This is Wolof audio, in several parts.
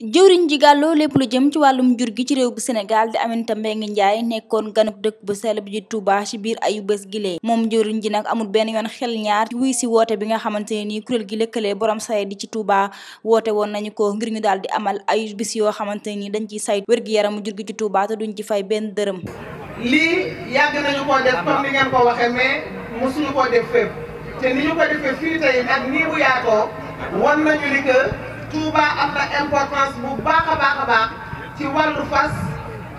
jëwriñ ji gàlloo lépp lu jëm ci wàllum jur gi ci réew bu Sénégal di Aminata Mbengue njaay nekkoon ganuk dëkk bu sele bi di Touba ci biir ayu bés gilee moom jëwriñ ji nag amul benn yoon xel ñaar si woote bi nga xamante ne nii kuréel gi lëkkalee borom sayet di ci Touba woote woon nañu ko ngir ñu daal di amal ayu bis yoo xamante nii dañ ciy say wér-gi-yaramu jur gi ci Touba te duñ ci fay benn dërëm lii yàgg nañu koo def comme ni ngeen ko waxee mais mosuñu koo def fépp te ni ñu ko defee fii tey nag nii bu yaatoo wan nañu ni Touba am na importance bu baax a baax a baax ci wàllu fas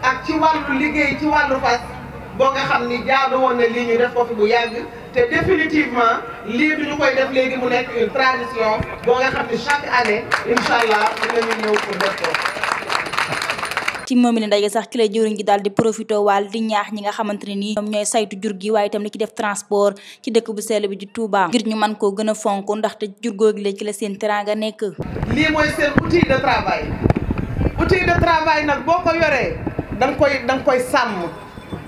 ak ci wàllu liggéey ci wàllu fas boo nga xam ni jaadu woon na lii ñu def ko fi bu yàgg te définitivement lii du ñu koy def léegi mu nekk une tradition boo nga xam ni chaque année incha allah dinañu ñëw pour def ko. ci moom i ndaje sax ci la jëwriñ ji daal di profité waal di ñaax ñi nga xamante ne nii ñoom ñooy saytu jur gi waaye itam li ci def transport ci dëkk bu sell bi di Touba ngir ñu mën koo gën a fonk ndaxte jur googu la ci la seen teranga nekk lii mooy seen outil de travail outil de travail nag boo ko yoree da nga koy da nga koy sàmm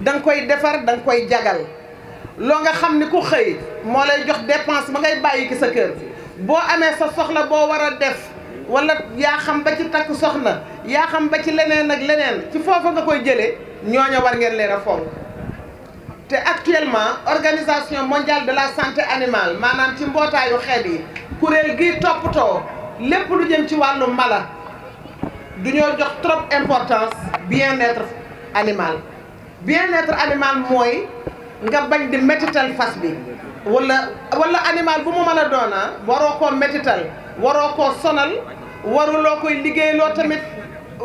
da nga koy defar da nga koy jagal loo nga xam ni ku xëy moo lay jox dépense ba ngay bàyyi ki sa kër boo amee sa soxla boo war a def wala yaa xam ba ci takk soxna yaa xam ba ci leneen ak leneen ci foofa nga koy jëlee ñooña war ngeen leen a fonk te actuellement organisation mondiale de la santé animale maanaam ci mbootaayu xeet yi kuréel gi toppatoo lépp lu jëm ci wàllu mala du ñoo jox trop importance bien-être animal bien-être animal mooy nga bañ di métital fas bi wala wala animal bu mu mën a doona ah, waroo koo métital waroo koo sonal waruloo koy liggéeyloo tamit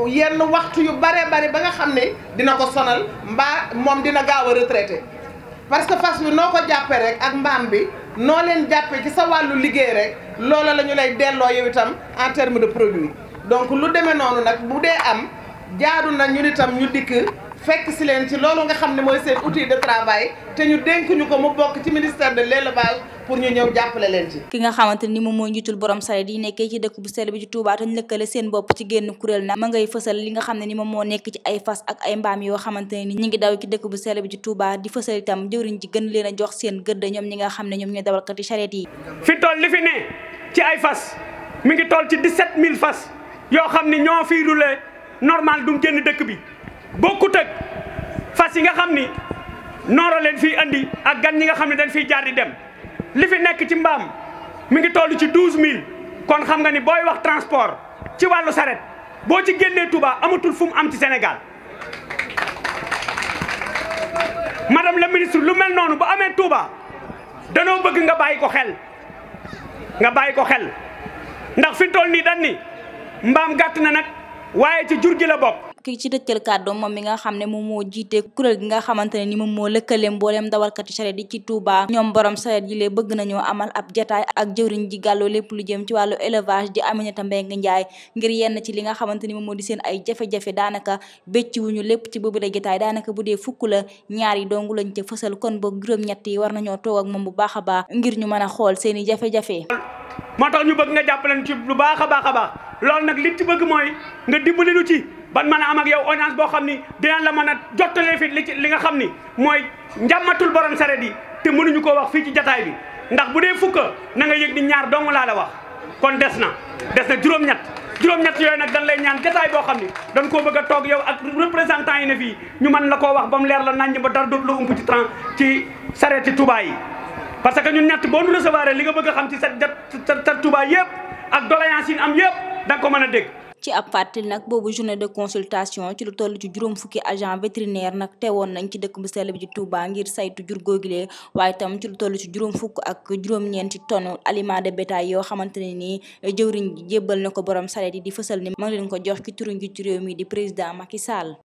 yenn waxtu yu bare bari ba nga xam ne dina ko sonal mbaa moom dina gaaw a retraité parce que fas bi noo ko jàppee rek ak mbaam bi noo leen jàppee ci sa wàllu liggéey rek loola la ñu lay delloo yow itam en terme de produit donc lu demee noonu nag bu dee am jaadu na ñun itam ñu dikk fekk si leen ci loolu nga xam ne mooy seen outil de travail te ñu dénk ñu ko mu bokk ci ministère de l'élevage pour ñu ñëw jàppale leen ci. ki nga xamante ni moom mooy njiitul borom sareet yi nekkee ci dëkk bu sell bi ci Touba te ñu lëkkale seen bopp ci génn kuréel na ma ngay fësal li ne ni moom moo nekk ci ay fas ak ay mbaam yoo ne ni ñu ngi daw ci dëkk bu sell bi ci Touba di fësal itam jëwriñ ji gën leen a jox seen gëdd ñoom ñi nga xam ne ñoom ñooy dawalkati sareet yi. fi toll li fi ne ci ay fas mi ngi toll ci 17000 yoo xam ne ñoo fiy roulé normal du génn dëkk bi bokkut ak fas yi nga xam ni noora leen fiy andi ak gan ñi nga xam ne dañ fiy jaar di dem li fi nekk ci mbaam mi ngi toll ci douze mille kon xam nga ni booy wax transport ci wàllu saret boo ci génnee Touba amatul fu am ci senegal madame la ministre lu mel noonu bu amee Touba danoo bëgg nga bàyyi ko xel nga bàyyi ko xel ndax fi toll nii dañ ni mbaam gàtt na nag waaye ci jur gi la bokk kii ci dëccal kàddoom moom mi nga xam ne moom moo jiite kuréel gi nga xamante ni moom moo lëkkale mbooleem dawalkati saret yi ci Touba ñoom borom saret yi lee bëgg nañoo amal ab jataay ak jëwriñ ji gàlloo lépp lu jëm ci wàllu élevage di Aminata Mbengue Ndiaye ngir yenn ci li nga xamante ni moom moo di seen ay jafe-jafe daanaka bécc ñu lépp ci boobu la jataay daanaka bu dee fukk la ñaar yi dongu lañ ca fësal kon ba juróom-ñett war nañoo toog ak moom bu baax a baax ngir ñu mën a xool seen i jafe-jafe ban mën a am ak yow audience boo xam ni dinañ la mën a jottalee fi li li nga xam ni mooy njamatul borom saret yi te mënuñu koo wax fii ci jataay bi ndax bu dee fukka na nga yëg ni ñaar dong laa la wax kon des na des na juróom-ñett juróom-ñett yooyu nag dañ lay ñaan jataay boo xam ni dañ koo bëgg a toog yow ak représentant yi ne fii ñu mën la koo wax ba mu leer la naññ ba dara dootu la ump ci tran ci sareeti Touba yi parce que ñun ñett boo nu recevoir li nga bëgg a xam ci sa sa Touba yëpp ak doléance yi am yëpp da ko mën a dégg ci ab fàttali nag boobu journée de consultation ci lu toll ci juróom fukki agent vétérinaire nag teewoon nañ ci dëkk bu sell bi ci Touba ngir saytu jur googilee waaye tam ci lu toll ci juróom fukk ak juróom-ñeenti tonne aliment de bétail yoo xamante ne nii jëwriñ jébbal na ko borom sareet yi di fësal ni ma ngi leen ko jox ci turu njiitu réew mi di président Macky Sall